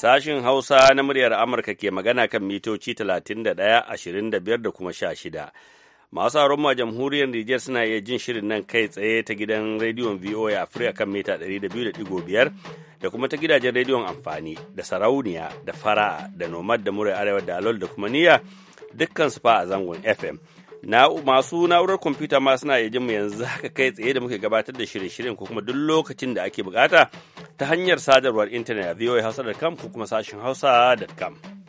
Sashin Hausa na muryar Amurka ke magana kan mitoci 31, 25 da kuma 16. Masu sauran ma jamhuriyar Nijar suna iya jin shirin nan kai tsaye ta gidan rediyon VOA afirka kan mita 200.5 da kuma ta gidajen rediyon amfani da sarauniya da fara'a da nomad da mura arewa da alol da kuma niyya dukkan su fa a zangon FM. na masu na'urar kwamfuta ma suna iya mu yanzu haka kai tsaye da muke gabatar da shirye-shiryen ko kuma duk lokacin da ake bukata ta hanyar sadarwar intanet a voahausa.com ko kuma sashin hausa.com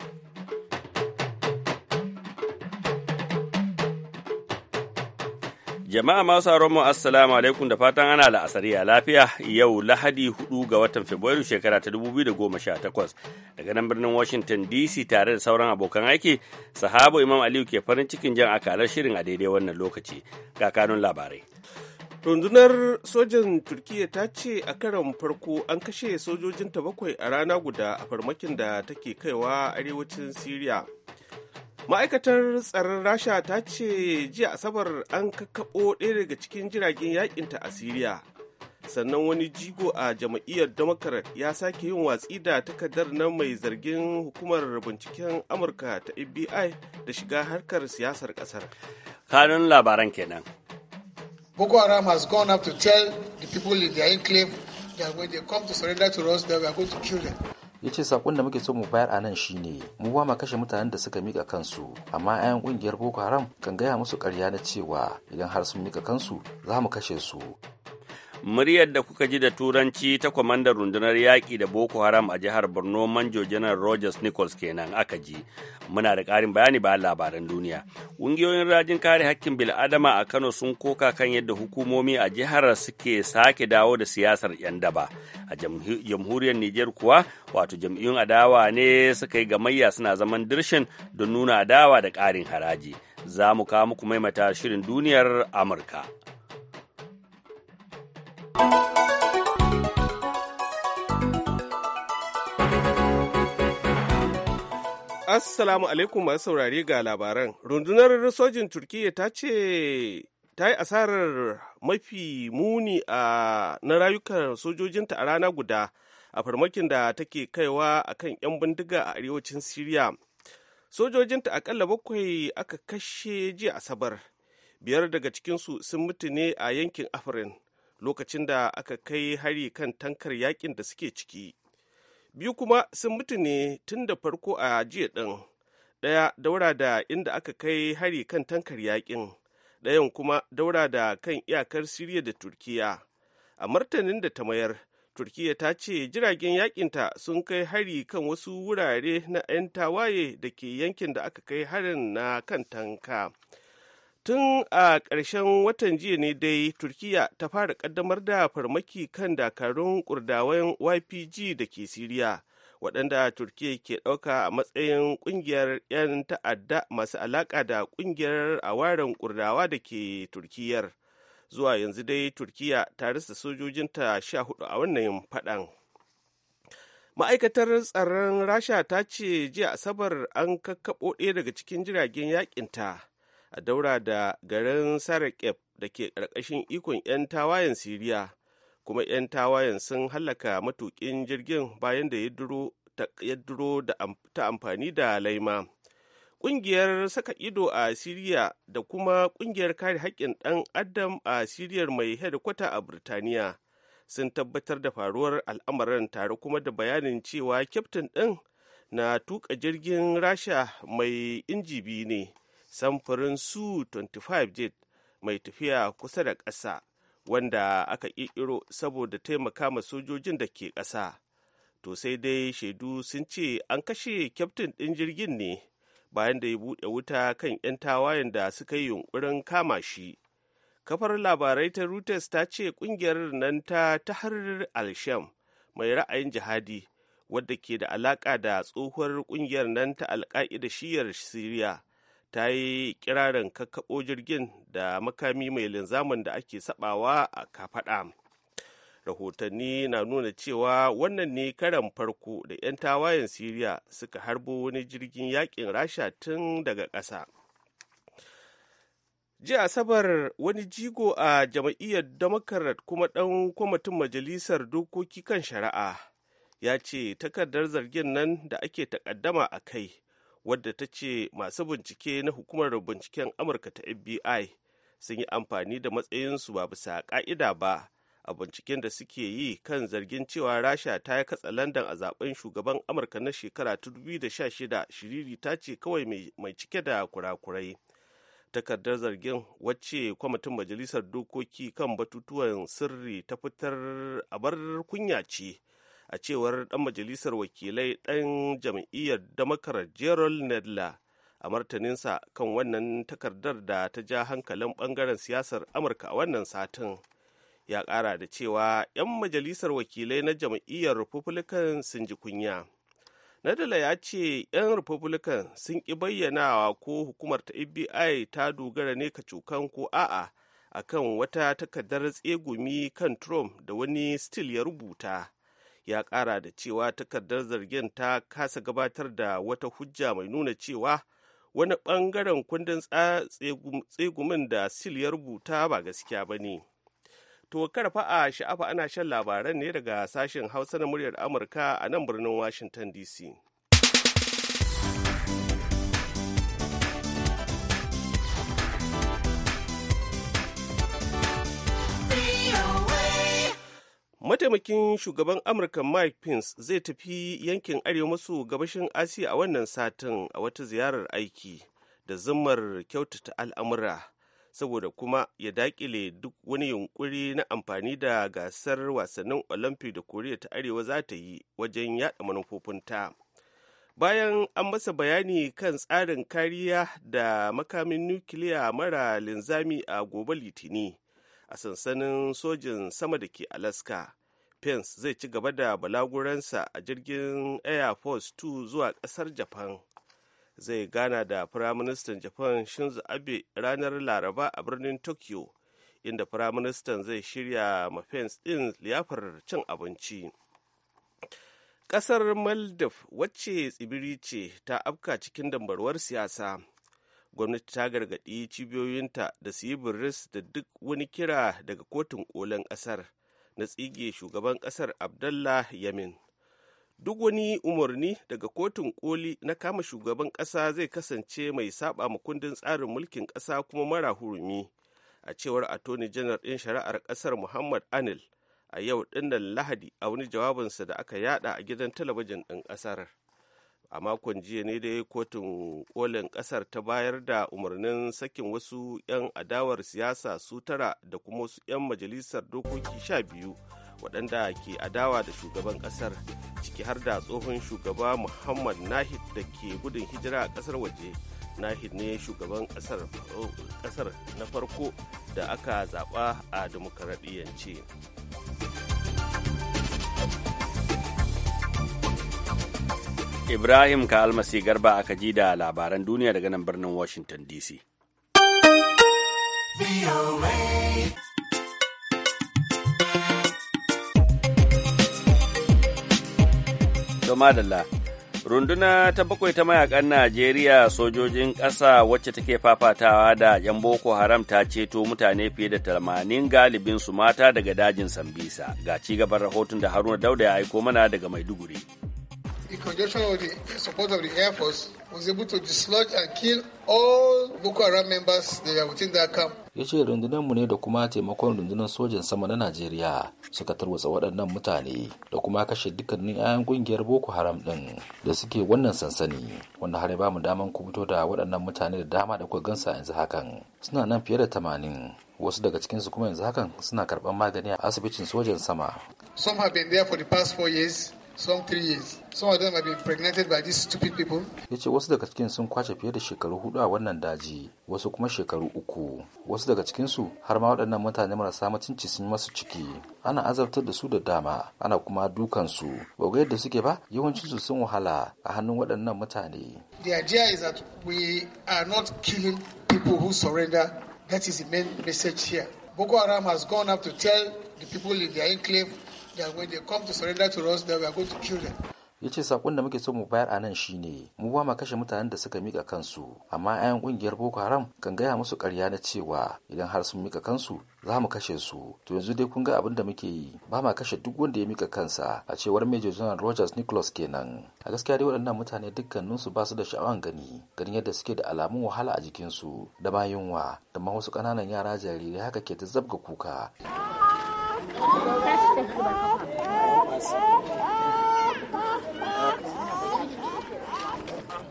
Jama'a masu sauran mu assalamu alaikum da fatan ana la'asari a lafiya yau Lahadi hudu ga watan Fabrairu shekara ta 2018 daga nan birnin Washington DC tare da sauran abokan aiki sahabo Imam Aliyu ke farin cikin jan akalar shirin a daidai wannan lokaci ga kanun labarai. Rundunar sojin Turkiyya ta ce a karon farko an kashe sojojinta bakwai a rana guda a farmakin da take kaiwa arewacin Siriya. ma'aikatar tsaron rasha ta ce jiya asabar an kakkaɓo ɗaya daga cikin jiragen yakinta a siriya sannan wani jigo a jam'iyyar democrat ya sake yin watsi da takardar na mai zargin hukumar binciken amurka ta fbi da shiga harkar siyasar ƙasar. kanun labaran kenan boko haram has gone up to tell the people in their enclave that when they come to surrender to us they are going to kill them ya ce sakon da muke so mu bayar a nan shi ne, mu ba ma kashe mutanen da suka mika kansu amma 'ya'yan kungiyar boko haram kan gaya musu karya na cewa idan har sun mika kansu za mu kashe su muryar da kuka ji da turanci ta kwamandan rundunar yaƙi da boko haram a jihar borno manjo janar rogers nichols kenan aka ji muna da ƙarin bayani bayan labaran duniya ƙungiyoyin rajin kare hakkin bil'adama a kano sun koka kan yadda hukumomi a jihar suke sake dawo da siyasar yan daba a jamhuriyar Nijar kuwa wato jam'iyyun adawa ne suka yi gamayya suna zaman dirshin don nuna adawa da ƙarin haraji za mu kawo muku maimata shirin duniyar amurka Assalamu alaikum masu saurare ga labaran. Rundunar sojin Turkiyya ta ce ta yi asarar mafi muni a na rayukan sojojinta a rana guda a farmakin da take kaiwa a kan 'yan bindiga a arewacin Siriya. Sojojinta akalla bakwai aka kashe jiya Asabar, biyar daga cikinsu sun mutu ne a yankin Afirin. lokacin da aka kai hari kan tankar yakin da suke ciki biyu kuma sun mutu ne tun da farko a jiya ɗin ɗaya daura da inda aka kai hari kan tankar yakin ɗayan kuma daura da kan iyakar siriya da turkiya a martanin da ta mayar turkiya ta ce jiragen yakinta sun kai hari kan wasu wurare na 'yan tawaye da ke yankin da aka kai harin na kan tanka tun a ƙarshen watan jiya ne dai turkiya ta fara ƙaddamar da farmaki kan dakarun ƙurdawan ypg da ke siriya waɗanda turkiya ke ɗauka a matsayin ƙungiyar 'yan ta'adda masu alaƙa da ƙungiyar awaren ƙurdawa da ke turkiyar zuwa yanzu dai turkiya ta rasa sojojinta sha hudu a wannan faɗan ma'aikatar tsaron rasha ta ce jiya asabar an kakkaɓo ɗaya daga cikin jiragen yakinta a daura da garin sarakef da ke ƙarƙashin ikon 'yan tawayen siriya kuma 'yan tawayen sun hallaka matuƙin jirgin bayan da ya duro ta amfani da laima ƙungiyar saka ido a siriya da kuma ƙungiyar kare haƙƙin ɗan adam a siriyar mai hedikwata a birtaniya sun tabbatar da faruwar al'amarin tare kuma da bayanin cewa kyaftin ɗin na tuka jirgin rasha mai injibi ne samfurin su 25 jet mai tafiya kusa da ƙasa wanda aka ƙirƙiro saboda taimaka ma sojojin da ke ƙasa to sai dai shaidu sun ce an kashe kyaftin ɗin jirgin ne bayan da ya buɗe wuta kan 'yan tawayen da suka yi yunkurin kama shi kafar labarai ta reuters ta ce ƙungiyar nan ta tahrir al mai ra'ayin jihadi wadda ke da alaƙa da tsohuwar ƙungiyar nan ta alƙa'ida shiyar siriya ta yi kirarin kakkaɓo jirgin da makami mai linzamin da ake sabawa a kafaɗa rahotanni na nuna cewa wannan ne karan farko da 'yan tawayen siriya suka harbo wani jirgin yakin rasha tun daga ƙasa jiya asabar wani jigo a jam'iyyar democrat kuma ɗan kwamitin majalisar dokoki kan shari'a ya ce takardar zargin nan da ake takaddama a kai wadda ta ce masu bincike na hukumar binciken amurka ta fbi sun yi amfani da matsayinsu ba bisa ƙa'ida ba a binciken da suke yi kan zargin cewa rasha ta yi katsa landan a zaben shugaban amurka na shekara 2016 shiriri ta ce kawai mai cike da kurakurai takardar zargin wacce kwamitin majalisar dokoki kan batutuwan sirri ta fitar abar kunya ce a cewar ɗan majalisar wakilai ɗan jam'iyyar damakarar gerald nedler a martaninsa kan wannan takardar da ta ja hankalin bangaren siyasar amurka a wannan satin ya ƙara da cewa 'yan majalisar wakilai na jam'iyyar republican sun ji kunya nadala ya ce 'yan republican sun ƙi bayyanawa ko hukumar ta fbi ta dogara ne kacukan ko a'a akan wata takardar tsegumi kan trump da wani stil ya rubuta ya ƙara da cewa takardar zargin ta kasa gabatar da wata hujja mai nuna cewa wani ɓangaren kundin tsegumin da sil ya rubuta ba gaskiya ba ne to karfa a sha'afa ana shan labaran ne daga sashen hausa na muryar amurka a nan birnin washington dc mataimakin shugaban amurka mike pence zai tafi yankin arewa maso gabashin asiya a wannan satin a wata ziyarar aiki da zumar kyautata al'amura saboda kuma ya dakile duk wani yunkuri na amfani da gasar wasannin olympic da koriya ta arewa za ta yi wajen yada manufofinta bayan an masa bayani kan tsarin kariya da makamin nukiliya mara linzami a gobe litini a sansanin sojin sama da ke alaska pence zai ci gaba da balaguransa a jirgin air force 2 zuwa kasar japan zai gana da firaministan japan shinzo abe ranar laraba a birnin tokyo inda firaministan zai shirya ma pence ɗin liyafar cin abinci ƙasar maldiv wacce tsibiri ce ta afka cikin dambarwar siyasa gwamnati ta gargaɗi cibiyoyinta da su yi da duk wani kira daga kotun ƙolin ƙasar na tsige shugaban ƙasar abdullah yamin duk wani umarni daga kotun koli na kama shugaban ƙasa zai kasance mai saba ma kundin tsarin mulkin ƙasa kuma mara hurumi a cewar attorney general ɗin shari'ar ƙasar muhammad anil a yau ɗinnan lahadi a wani jawabinsa da aka yada a gidan talabijin ɗin ƙasar a makon jiya ne dai kotun kolin kasar ta bayar da umarnin sakin wasu 'yan adawar siyasa su tara da kuma wasu 'yan majalisar dokoki sha biyu waɗanda ke adawa da shugaban ƙasar ciki har da tsohon shugaba muhammad nahid da ke gudun hijira a ƙasar waje nahid ne shugaban ƙasar na farko da aka zaɓa a dimokuraɗiyyance. Ibrahim ka almasi garba aka ji da labaran duniya daga nan birnin Washington DC. madalla runduna ta bakwai ta mayakan najeriya sojojin ƙasa wacce take fafatawa da yan boko haram ta ceto mutane fiye da tamanin galibin su mata daga dajin sambisa ga ci gaban rahoton da haruna dauda ya aiko mana daga maiduguri in conjunction with the support of the Air Force, was able to dislodge and kill all Boko Haram members that were within that camp. ya ce mu ne da kuma taimakon rundunar sojan sama na najeriya suka tarwatsa waɗannan mutane da kuma kashe dukkanin 'ya'yan ƙungiyar boko haram ɗin da suke wannan sansani wanda har ba mu daman kubuto da waɗannan mutane da dama da kuka gansa yanzu hakan suna nan fiye da tamanin wasu daga cikinsu kuma yanzu hakan suna karɓar magani a asibitin sojan sama some have been there for the past four years some three years. Some of them have been impregnated by these stupid people. Ya ce wasu daga cikin sun kwace fiye da shekaru hudu a wannan daji, wasu kuma shekaru uku. Wasu daga cikinsu har ma waɗannan mutane marasa mutunci sun masu ciki. Ana azabtar da su da dama, ana kuma dukansu. Ba ga yadda suke ba, yawancinsu sun wahala a hannun waɗannan mutane. The idea is that we are not killing people who surrender. That is the main message here. Boko Haram has gone up to tell the people in their enclave yace sakon da muke so mu bayar a nan shine mu ba ma kashe mutanen da suka mika kansu amma 'yan ƙungiyar boko haram kan gaya musu karya na cewa idan har sun mika kansu za mu kashe su to yanzu dai kun ga abin da muke yi ba ma kashe duk wanda ya mika kansa a cewar major general rogers nicholas kenan a gaskiya dai waɗannan mutane dukkaninsu ba su da sha'awan gani ganin yadda suke da alamun wahala a jikinsu da ma yunwa da ma wasu ƙananan yara jarirai haka ke ta zabga kuka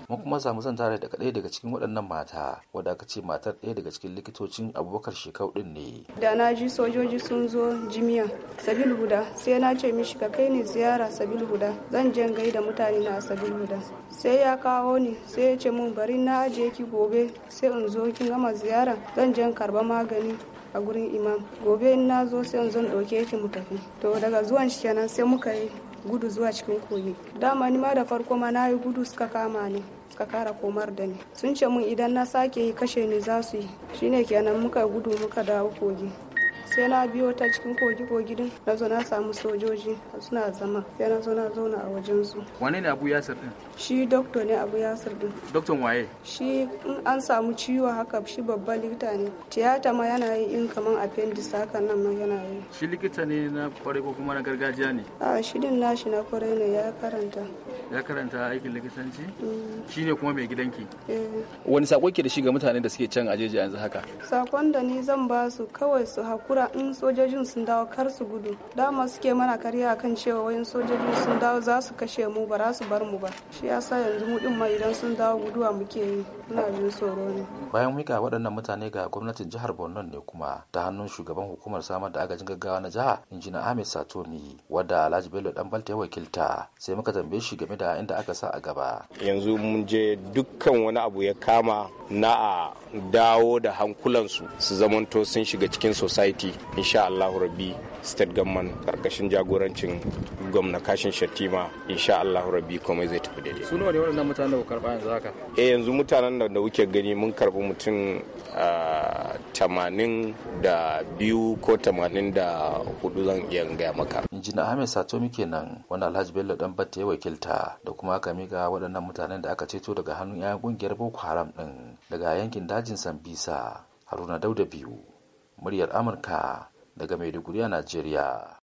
mun kuma samu zan tare da kaɗai daga cikin waɗannan mata wadda aka ce matar ɗaya daga cikin likitocin abubakar shekau ɗin ne da na ji sojoji sun zo jimiya sabil huda sai na ce mishi ka kai ni ziyara sabil huda zan je gai da mutane na sabil huda sai ya kawo ni sai ya ce mun bari na ajiye ki gobe sai in zo kin gama ziyara zan je karba magani a gurin imam gobe in na zo sai zan ɗauke ki mu tafi to daga zuwan shi kenan sai muka yi gudu zuwa cikin kogi dama ni ma da farko ma na yi gudu suka kama ni suka kara komar da ni sun ce mun idan na sake yi kashe ni za su yi shine kenan muka gudu muka dawo kogi sai na biyo ta cikin kogi kogi din na zo na samu sojoji suna zama sai na zo na zauna a wajen su wane ne abu yasir din shi doktor ne abu yasir din doktor waye shi in an samu ciwo haka shi babban likita ne tiyata ma yana yi in kaman appendix haka nan ma yana yi shi likita ne na kwarai ko kuma na gargajiya ne a shi din nashi na kwarai ne ya karanta ya karanta aikin likitanci shine kuma mai gidanki eh. wani sako ke da shi ga mutane da suke can ajeji yanzu haka sakon da ni zan ba su kawai su hakura in sojojin sun dawo kar su gudu dama suke mana karya akan cewa wayan sojojin sun dawo za su kashe mu ba za su bar mu ba shi yasa yanzu mu din ma idan sun dawo guduwa muke yi muna jin tsoro ne bayan mika waɗannan mutane ga gwamnatin jihar Borno ne kuma ta hannun shugaban hukumar samar da agajin gaggawa na jiha injina Ahmed Satomi wadda Alhaji Bello dan Balta ya wakilta sai muka tambaye shi game da inda aka sa a gaba yanzu mun je dukkan wani abu ya kama na a dawo da hankulansu su zamanto sun shiga cikin society insha Allahu rabbi state government karkashin jagorancin gwamna kashin shatima insha Allahu rabbi komai zai tafi daidai su ne waɗannan mutanen da ku karɓa yanzu haka eh yanzu mutanen da kuke gani mun karɓi mutum ah, tamanin da biyu ko tamanin da hudu zan iya gaya maka injina ahmed satomi kenan wani alhaji bello dan batta ya wakilta da kuma aka miga waɗannan mutanen da aka ceto daga hannun 'ya'yan ƙungiyar boko haram ɗin daga yankin dajin sambisa haruna dauda biyu muryar amurka daga maiduguri a najeriya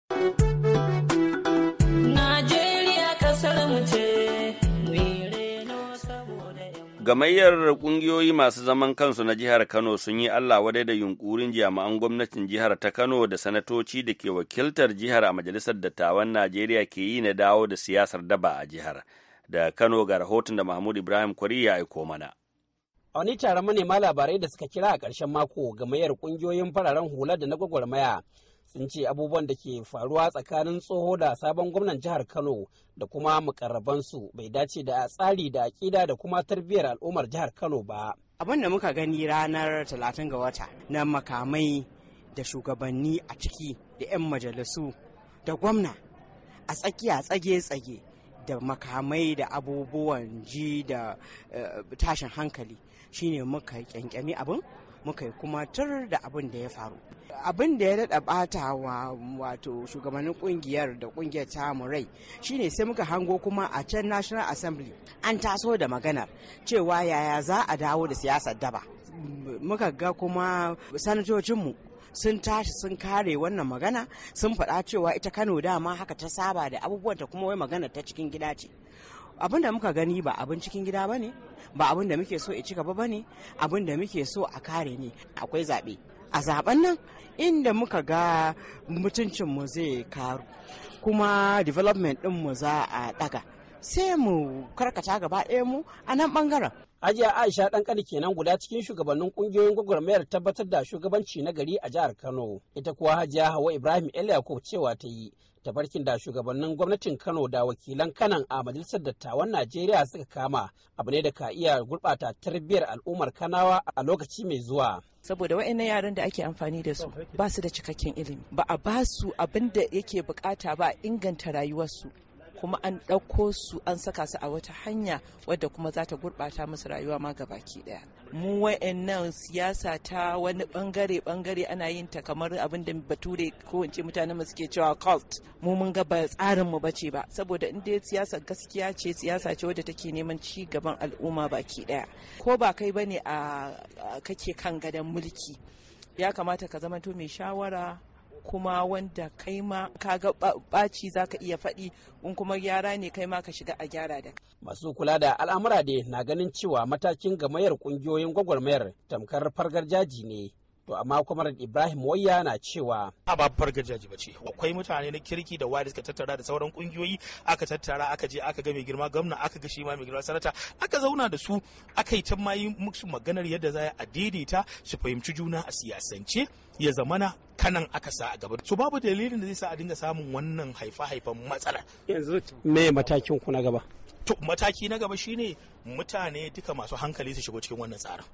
Gamayyar ƙungiyoyi masu zaman kansu na jihar Kano sun yi Allah wadai da yunkurin jami'an gwamnatin jihar ta Kano da sanatoci da ke wakiltar jihar a Majalisar Dattawan Najeriya ke yi na dawo da siyasar daba a jihar. Da Kano ga rahoton da Mahmud Ibrahim Kwari ya aiko mana. A wani taron manema labarai da suka kira a ƙarshen mako gamayyar ƙungiyoyin fararen hula da na gwagwarmaya sun ce abubuwan da ke faruwa tsakanin tsoho da sabon gwamnan jihar kano da kuma mukarrabansu bai dace da tsari da aƙida da kuma tarbiyyar al'ummar jihar kano ba abin da muka gani ranar talatin ga wata na makamai da shugabanni a ciki da 'yan majalisu da gwamna a tsakiya tsage-tsage da makamai da abubuwan ji da eh, tashin hankali shine muka kyankyami abin muka yi kuma tur da abin da ya faru abin da ya daɗa ɓata wa wato shugabannin ƙungiyar da ƙungiyar ta rai shine sai muka hango kuma a can national assembly an taso da maganar cewa yaya za a dawo da siyasar daba muka ga kuma sanatocinmu sun tashi sun kare wannan magana sun faɗa cewa ita kano dama haka ta saba da abubuwan ta kuma wai magana ta cikin gida ce abin da muka gani ba abin cikin gida ba ne ba abin da muke so a ci gaba ba ne abin da muke so a kare ne akwai zaɓe a zaɓen nan inda muka ga mutuncinmu zai karu kuma development mu za a ɗaga sai mu karkata gaba ɗaya mu a nan ɓangaren. Ajiya Aisha ɗan kani kenan guda cikin shugabannin ƙungiyoyin gwagwarmayar tabbatar da shugabanci na gari a jihar Kano. Ita kuwa Hajiya Hawa Ibrahim El cewa ta yi tafarkin da shugabannin gwamnatin Kano da wakilan Kanan a Majalisar Dattawan Najeriya suka kama abu ne da ka iya gurbata tarbiyyar al'ummar Kanawa a lokaci mai zuwa. saboda wa'annan yaran da ake amfani da su ba su da cikakken ilimi ba a ba su abin da yake bukata ba inganta rayuwarsu kuma an ɗauko su an saka su a wata hanya wadda kuma za ta gurɓata musu rayuwa ma baki ɗaya mu wa'annan siyasa ta wani bangare bangare ana yin ta kamar abin da bature ko in mutanen mu suke cewa cult mu mun ga ba tsarin mu bace ba saboda in dai siyasa gaskiya ce siyasa ce wadda take neman ci gaban al'umma baki ɗaya ko ba kai bane a kake kan gadon mulki ya kamata ka zama to mai shawara kuma wanda kai ma ka ga ɓaci za ka iya faɗi in kuma gyara ne kai ma ka shiga a gyara da masu kula da al'amura dai na ganin cewa matakin gamayar ƙungiyoyin gwagwarmayar tamkar fargar jaji ne To amma kwamar Ibrahim Wayya na cewa. A ba fargajaji ba ce. Akwai mutane na kirki da wari suka tattara da sauran kungiyoyi aka tattara aka je aka ga mai girma gwamna aka ga shi ma mai girma sanata aka zauna da su aka yi ta mayi musu maganar yadda za a daidaita su fahimci juna a siyasance ya zamana kanan aka sa a gaba To babu dalilin da zai sa a dinga samun wannan haifa-haifan matsala yanzu me matakin ku na gaba to mataki na gaba shine mutane duka masu hankali su shigo cikin wannan tsarin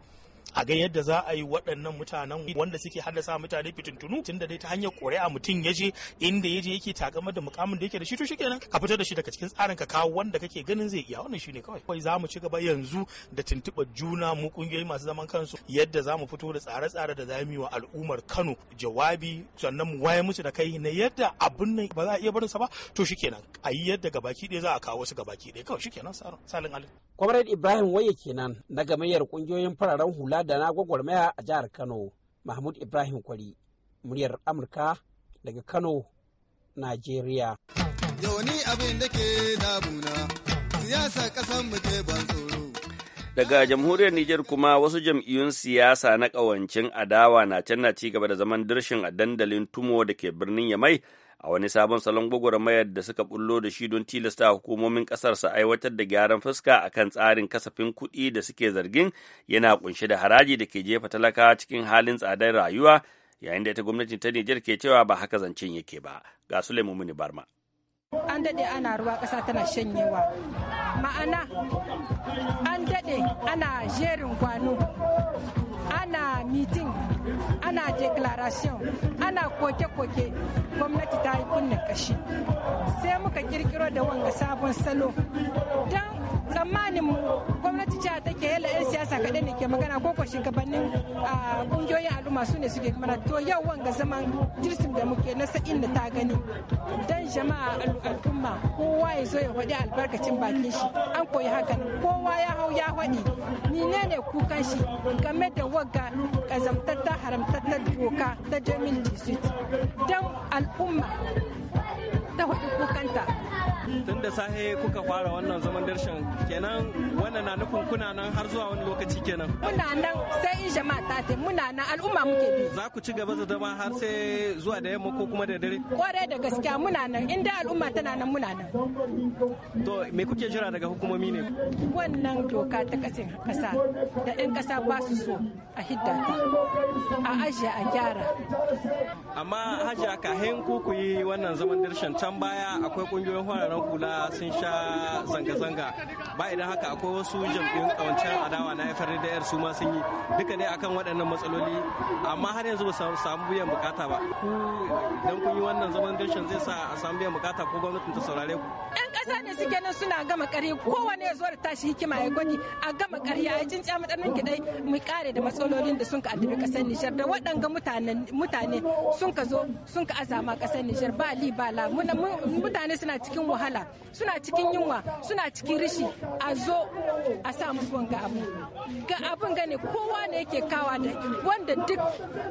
a ga yadda za a yi waɗannan mutanen wanda suke haddasa mutane fitintunu tun da dai ta hanyar ƙuri'a mutum ya je inda ya je yake takama da mukamin da yake da shi to shikenan ka fitar da shi daga cikin tsarin ka kawo wanda kake ganin zai iya wannan shine kawai kawai za mu ci gaba yanzu da tuntuɓa juna mu kungiyoyi masu zaman kansu yadda za mu fito da tsare-tsare da za mu yi wa al'ummar Kano jawabi sannan mu waye musu da kai na yadda abun nan ba za a iya barinsa ba to shikenan a yi yadda gabaki ɗaya za a kawo su gabaki ɗaya kawai shikenan salin alin. Ibrahim Waye kenan na gamayyar kungiyoyin fararen hula da na gwagwarmaya a jihar Kano, Mahmud Ibrahim Kwari, muryar Amurka daga Kano, Najeriya. Yawani abin da ke damuna, siyasa ƙasan mu ke ban tsoro. Daga jamhuriyar Nijar kuma wasu jam'iyyun siyasa na ƙawancin adawa na can na ci gaba da zaman dirshin a dandalin Tumo da ke birnin Yamai a wani sabon salon gwagwarmayar da suka bullo da shi don tilasta hukumomin kasar su aiwatar da gyaran fuska a kan tsarin kasafin kuɗi da suke zargin yana kunshe da haraji da ke jefa talakawa cikin halin tsadar rayuwa yayin da ita gwamnatin ta Nijar ke cewa ba haka zancen yake ba ga Sulaimu Mini Barma an dade ana ruwa kasa tana shanyewa ma'ana an dade ana jerin kwano ana mitin ana declaration ana koke-koke gwamnati ta yi kunna kashi sai muka kirkiro da wanga sabon salo don tsammanin gwamnati jiha take yalla 'yan siyasa kaɗai ne ke magana ko ko shugabannin ƙungiyoyin al'umma su ne suke mana to yau wanga zaman jirsin da muke na sa'in da ta gani don jama'a al'umma kowa ya zo ya faɗi albarkacin bakin shi an koyi hakan kowa ya hau ya faɗi ni ne ne kukan shi game da wagga ƙazamtattar haramtattar doka ta jamin 2018 don al'umma ta hudu kukanta tun da sahe kuka fara wannan zaman darshan kenan wannan na nufin kuna nan har zuwa wani lokaci kenan muna nan sai in jama'a ta te muna nan al'umma muke bi za ku ci gaba da zama har sai zuwa da yamma ko kuma da dare kwarai da gaskiya muna nan inda al'umma tana nan muna nan to me kuke jira daga hukumomi ne wannan doka ta kasin kasa da ɗan kasa ba su so a hidda ta a ajiye a gyara amma hajiya kahin ku ku yi wannan zaman darshan can baya akwai kungiyoyin fararen kula sun sha zanga-zanga ba idan haka akwai wasu jam'iyyun kawancen adawa na FRDR su ma sun yi duka ne akan waɗannan matsaloli amma har yanzu ba samu biyan bukata ba ku idan kun yi wannan zaman dirshin zai sa a samu biyan bukata ko gwamnatin ta saurare ku ɗan ƙasa ne suke nan suna gama kare kowane ya zo da tashi hikima ya gwani a gama ƙarya ya jinja ki dai mu kare da matsalolin da sun ka addabi ƙasar Nijar da waɗanga mutane sun ka zo sun ka azama ƙasar Nijar ba li ba la mutane suna cikin wahala wahala suna cikin yunwa suna cikin rishi a zo a sa musu ga abu ga abin gane kowa ne yake kawa da wanda duk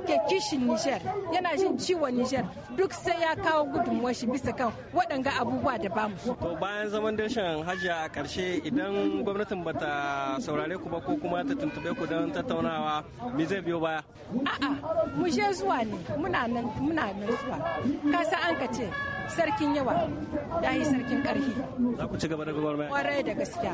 ke kishin Niger yana jin ciwon Niger duk sai ya kawo gudunmuwar shi bisa kan waɗanga abubuwa da ba mu. to bayan zaman dashen hajiya a ƙarshe idan gwamnatin bata saurare ku ba ko kuma ta tuntube ku don tattaunawa me zai biyo baya a'a mu je zuwa ne muna nan muna nan zuwa kasa an ka ce sarkin yawa ya yi sarkin ƙarfi. Za ku ci gaba da gwagwarmaya? da gaskiya.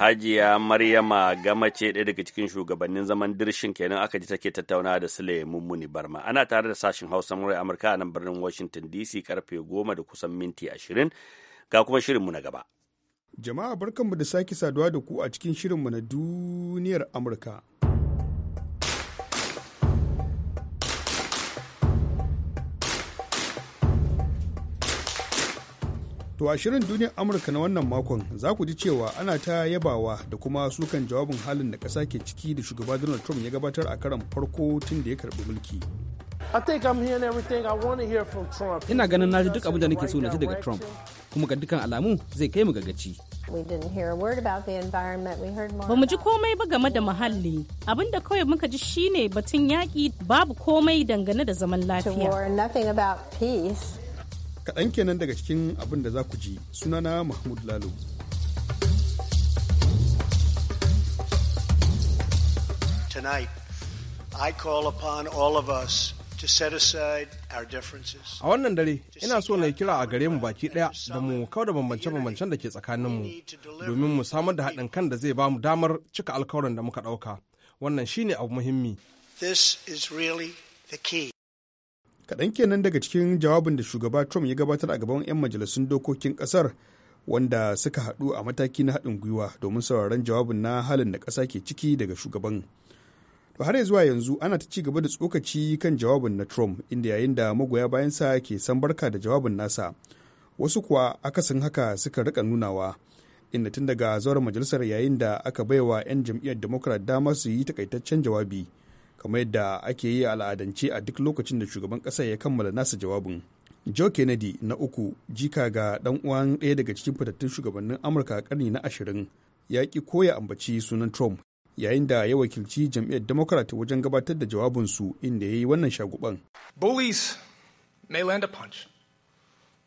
Hajiya Maryama Gama ce ɗaya daga cikin shugabannin zaman dirshin kenan aka ji take tattauna da Sule Mummuni Barma. Ana tare da sashen Hausa murai Amurka a nan birnin Washington DC karfe goma da kusan minti ashirin ga kuma shirinmu na gaba. Jama'a barkanmu da sake saduwa da ku a cikin shirinmu na duniyar Amurka. To a shirin duniyar Amurka na wannan makon za ku ji cewa ana ta yabawa da kuma sukan jawabin halin da kasa ke ciki da shugaba Donald Trump ya gabatar a karan farko tun da ya karbi mulki. Ina ganin na ji duk abin da nake so na ji daga Trump, kuma ga dukkan alamu zai kai mu gaci. Ba mu ji komai ba game da muhalli, abin da kawai muka ji shine batun yaƙi babu komai dangane da zaman lafiya. kaɗan kenan daga cikin abin da za ku ji sunana mahmud lalo A wannan dare, ina so na kira a gare mu baki ɗaya da mu kauda da bambance-bambancen da ke tsakaninmu domin mu samar da haɗin kan da zai ba mu damar cika alkawarin da muka ɗauka. Wannan shine abu muhimmi. kaɗan kenan daga cikin jawabin da shugaba trump ya gabatar a gaban 'yan majalisun dokokin ƙasar wanda suka haɗu a mataki na haɗin gwiwa domin sauraron jawabin na halin da ƙasa ke ciki daga shugaban to har zuwa yanzu ana ta ci gaba da tsokaci kan jawabin na trump inda yayin da magoya bayan sa ke san barka da jawabin nasa wasu kuwa akasin haka suka rika nunawa inda tun daga zauren majalisar yayin da aka baiwa 'yan jam'iyyar democrat dama su yi takaitaccen jawabi kamar yadda ake yi a al'adance a duk lokacin da shugaban ƙasa ya kammala nasa jawabin joe kennedy na uku jika ga dan uwan ɗaya daga cikin fitattun shugabannin amurka a ƙarni na ashirin ya ki koya ambaci sunan trump yayin da ya wakilci jam'iyyar democrat wajen gabatar da jawabinsu inda ya yi wannan shaguban bullies may land a punch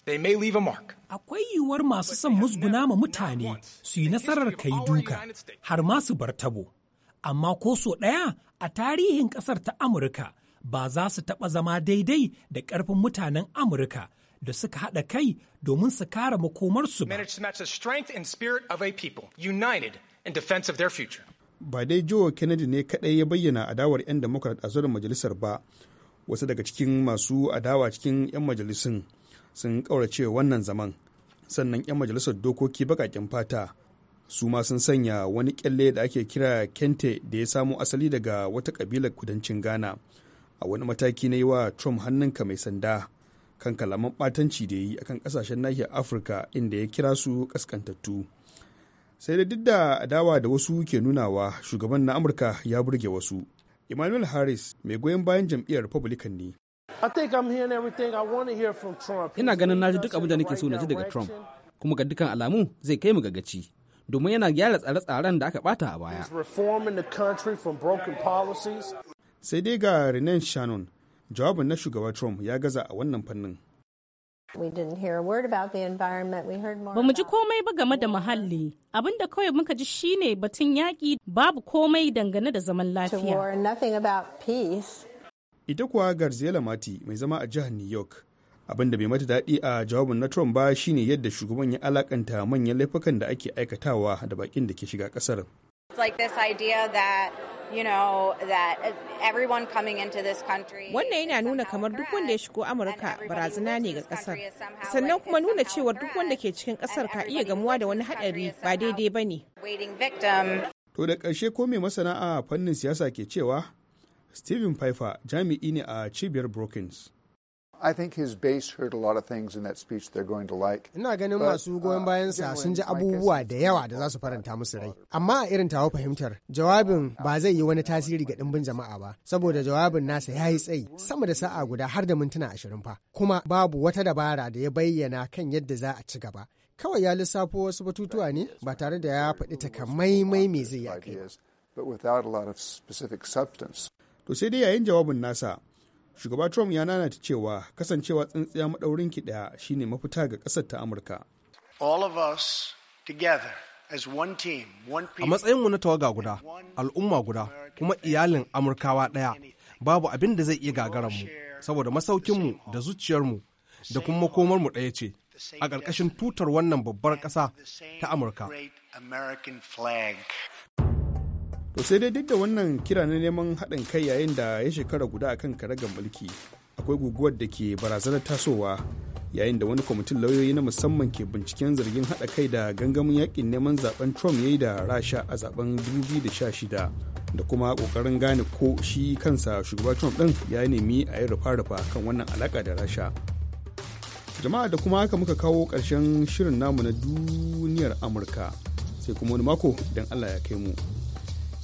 They may leave a mark. Akwai yiwuwar masu son musguna ma mutane su yi nasarar kai duka har ma su bar tabo. amma ko so ɗaya a tarihin ƙasar ta Amurka ba za su taɓa zama daidai da ƙarfin mutanen Amurka da suka haɗa kai domin su kare makomarsu ba. Ba dai Joe Kennedy ne kaɗai ya bayyana adawar 'yan Democrat a zuwan majalisar ba, wasu daga cikin masu adawa cikin 'yan majalisun sun ƙaurace wannan zaman. Sannan 'yan majalisar dokoki baƙaƙen fata su ma sun sanya wani kyalle da ake kira kente da ya samo asali daga wata kabilar kudancin ghana a wani mataki na yi wa trump hannunka mai sanda kan kalaman batanci da ya yi akan kasashen nahiyar afirka inda ya kira su kaskantattu sai da duk da adawa da wasu ke nunawa shugaban na amurka ya burge wasu emmanuel harris mai goyon bayan jam'iyyar republican ne ina ganin na ji duk abin da nake so na ji daga trump kuma ga dukkan alamu zai kai mu ga gaci domin yana gyara tsare-tsaren da aka bata a baya. Sai dai ga Renan Shannon, jawabin na shugaba Trump ya gaza a wannan fannin. Ba mu ji komai ba game da muhalli. abinda kawai muka ji shine batun yaƙi babu komai dangane da zaman lafiya. Ita kuwa Garziela Mati mai zama a jihar New York abin da bai mata daɗi a jawabin na trump ba shine yadda shugaban ya alakanta manyan laifukan da ake aikatawa da bakin da ke shiga ƙasar Wannan yana nuna kamar duk wanda ya shigo Amurka barazana ne ga kasar. Sannan kuma nuna cewa duk wanda ke cikin kasar ka iya gamuwa da wani haɗari ba daidai ba ne. To da karshe ko mai masana'a a fannin siyasa ke cewa Stephen Pfeiffer jami'i ne a cibiyar Brookings. I think his base heard a lot of things in that speech they're going to like. Ina ganin masu goyon uh, bayansa sun ji abubuwa da yawa da za su faranta musu rai. Amma a irin tawo fahimtar jawabin ba zai yi wani tasiri ga dimbin jama'a ba saboda jawabin nasa ya yi tsayi sama da sa'a guda har da mintuna ashirin fa. Kuma babu wata dabara da ya bayyana kan yadda za a ci gaba. Kawai ya lissafo wasu batutuwa ne ba tare da ya faɗi takamaimai me zai yi a kai. To sai dai yayin jawabin nasa shugaba trump ya nanata cewa kasancewa tsintsiya maɗaurin ki ɗaya shine mafita ga ƙasar ta amurka a matsayinmu na tawaga guda al'umma guda kuma iyalin amurkawa ɗaya babu abin da zai iya mu saboda masaukinmu da zuciyarmu da kuma makomarmu ɗaya ce a ƙarƙashin tutar wannan babbar ƙasa ta amurka to sai dai duk da wannan kira na neman haɗin kai yayin da ya shekara guda akan karagar mulki akwai guguwar da ke barazanar tasowa yayin da wani kwamitin lauyoyi na musamman ke binciken zargin haɗa kai da gangamin yakin neman zaben trump ya yi da rasha a zaben 2016 da kuma ƙoƙarin gane ko shi kansa shugaba trump ɗin ya nemi a yi rufa-rufa kan wannan alaƙa da rasha jama'a da kuma haka muka kawo ƙarshen shirin namu na duniyar amurka sai kuma wani mako idan allah ya kai mu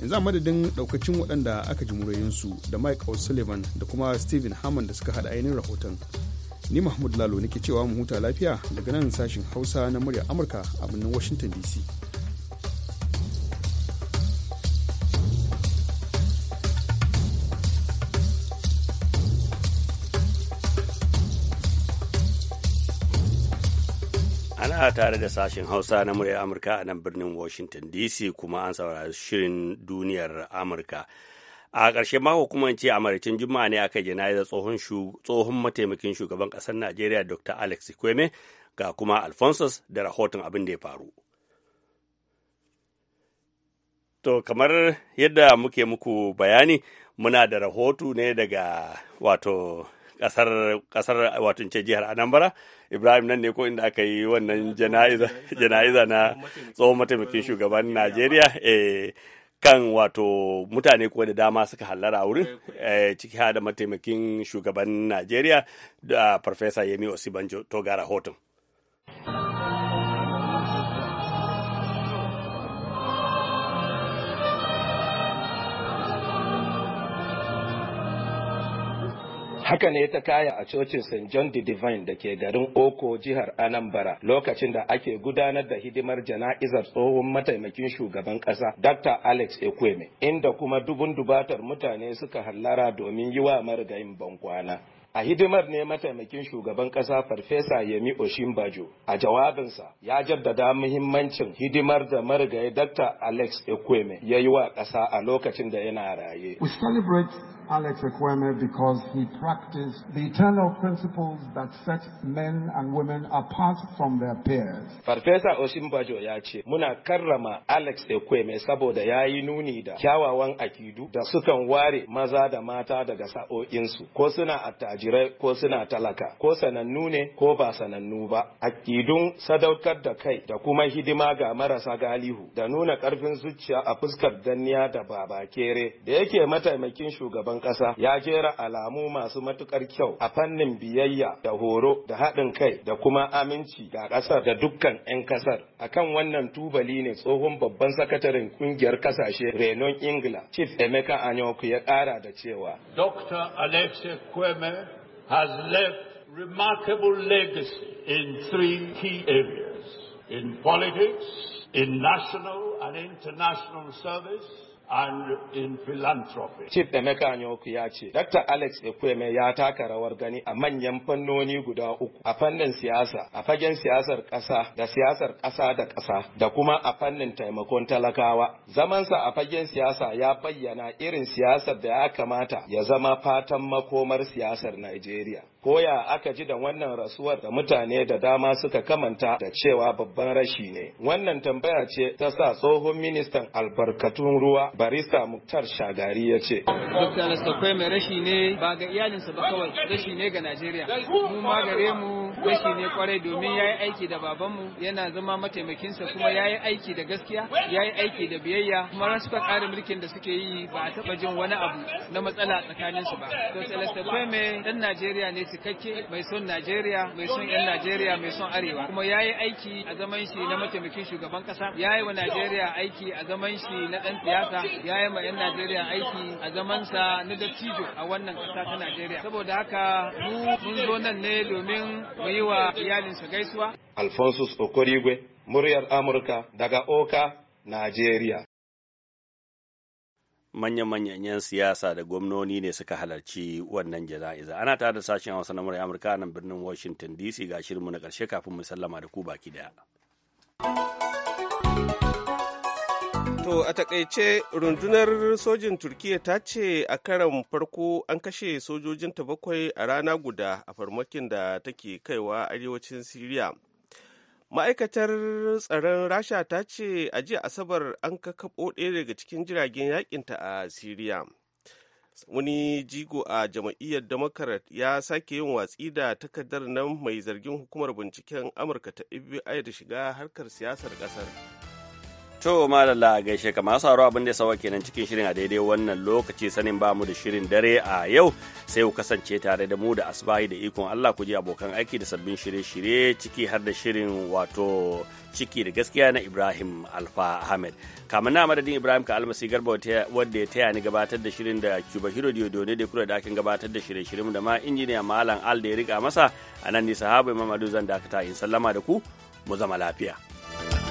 yanzu a madadin daukacin waɗanda aka ji murayinsu da mike o'sullivan da kuma stephen hammond da suka haɗa ainihin rahoton ni mahmud lalo nake cewa mu huta lafiya daga nan sashen hausa na murya amurka a birnin washington dc ana tare da sashen hausa na murya amurka a nan birnin washington dc kuma an saurari shirin duniyar amurka a ƙarshe mako kuma ce a maricin juma'a ne aka da tsohon mataimakin shugaban ƙasar najeriya dr alex kweme ga kuma alphonsus da rahoton abin da ya faru to kamar yadda muke muku bayani muna da rahoto ne daga wato kasar kasar wato ce jihar Anambra Ibrahim nan ne ko inda aka yi wannan jana'iza jana'iza na tsohon mataimakin shugaban Najeriya eh, kan wato mutane kuwa da dama suka hallara a wurin eh, ciki da mataimakin shugaban Najeriya da Farfesa Yemi Osibanjo to gara rahoton. Haka ne ta kaya a cocin St. John the Divine da ke garin Oko jihar Anambara lokacin da ake gudanar da hidimar jana'izar tsohon mataimakin shugaban ƙasa Dr. Alex Ekweme inda kuma dubun dubatar mutane suka hallara domin yi wa marigayin bankwana. A hidimar ne mataimakin shugaban ƙasa Farfesa Yemi Oshimbajo a jawabinsa ya jaddada muhimmancin hidimar da marigayi Dr. Alex Ekweme ya yi wa ƙasa a lokacin da yana raye. Alex Ekweme because he practiced the eternal principles that set men and women apart from their peers. Farfesa Osimbajo ya ce, Muna karrama Alex Ekweme saboda ya yi nuni da kyawawan akidu da sukan ware maza da mata daga sa'o'insu, ko suna attajirai ko suna talaka, ko sanannu ne ko ba sanannu ba. Akidun sadaukar da kai da kuma hidima ga marasa galihu da nuna ƙarfin zuciya a fuskar danniya da babakere da yake mataimakin shugaban ƙasa ya jera alamu masu matukar kyau a fannin biyayya da horo da haɗin kai da kuma aminci ga ƙasar da dukkan 'yan ƙasar. Akan wannan tubali ne tsohon babban sakataren ƙungiyar ƙasashe renon Ingila Chief Emeka Anyoku ya ƙara da cewa. Dr. Alexei Kweme has left remarkable legacy in three key areas. In politics, in national and international service, and in philanthropy. Chief Emeka Anyoku ya ce, Dr. Alex Ekweme ya taka rawar gani a manyan fannoni guda uku, a fannin siyasa, a fagen siyasar ƙasa da siyasar ƙasa da ƙasa da kuma a fannin taimakon talakawa. Zamansa a fagen siyasa ya bayyana irin siyasar da ya kamata ya zama fatan makomar siyasar Najeriya. koya aka ji da wannan rasuwar da mutane da dama suka kamanta da cewa babban rashi ne wannan tambaya ce ta sa tsohon ministan albarkatun ruwa barista muktar shagari ya ce mai rashi ne ba ga iyalinsa ba kawai rashi ne ga najeriya mu ma gare mu rashi ne kwarai domin ya yi aiki da babanmu yana zama mataimakinsa kuma ya yi aiki da gaskiya ya yi aiki da biyayya kuma rasu kare mulkin da suke yi ba a taba jin wani abu na matsala tsakaninsu ba dr lastokwai mai dan najeriya ne cikakke mai son Najeriya mai son 'yan Najeriya mai son Arewa kuma ya yi aiki a zaman shi na mataimakin shugaban kasa ya yi wa Najeriya aiki a zaman shi na ɗan siyasa ya yi ma 'yan Najeriya aiki a zamansa na dattijo a wannan ƙasa ta Najeriya saboda haka mu mun zo nan ne domin mu yi wa iyalinsa gaisuwa. Alphonsus Okorigwe muryar Amurka daga Oka Najeriya. manyan-manyan 'yan siyasa da gwamnoni ne suka halarci wannan jana'iza ana tare da sashen hausa na murai amurka nan birnin washington dc ga shirinmu na karshe kafin mu sallama da ku baki daya to a takaice rundunar sojin turkiya ta ce a karan farko an kashe sojojinta bakwai a rana guda a farmakin da take kaiwa arewacin siriya ma'aikatar tsaron rasha ta ce a jiya asabar an kakaɓo ɗaya daga cikin jiragen yakinta a siriya wani jigo a jama'iyyar democrat ya sake yin watsi da takardar nan mai zargin hukumar binciken amurka ta fbi da shiga harkar siyasar ƙasar To malalla gaishe ka masu haro abin da ya sawa kenan cikin shirin a daidai wannan lokaci sanin ba mu da shirin dare a yau sai ku kasance tare da mu da asbahi da ikon Allah ku je abokan aiki da sabbin shirye-shirye ciki har da shirin wato ciki da gaskiya na Ibrahim Alfa Ahmed. Kamar na madadin Ibrahim ka almasi garba wadda ya taya ni gabatar da shirin da Cuba Hiro Diodone da kura da akin gabatar da shirye shirye mu da ma injiniya Malam Al da ya riga masa a nan ni sahaba Imam da zan dakata yin sallama da ku mu zama lafiya.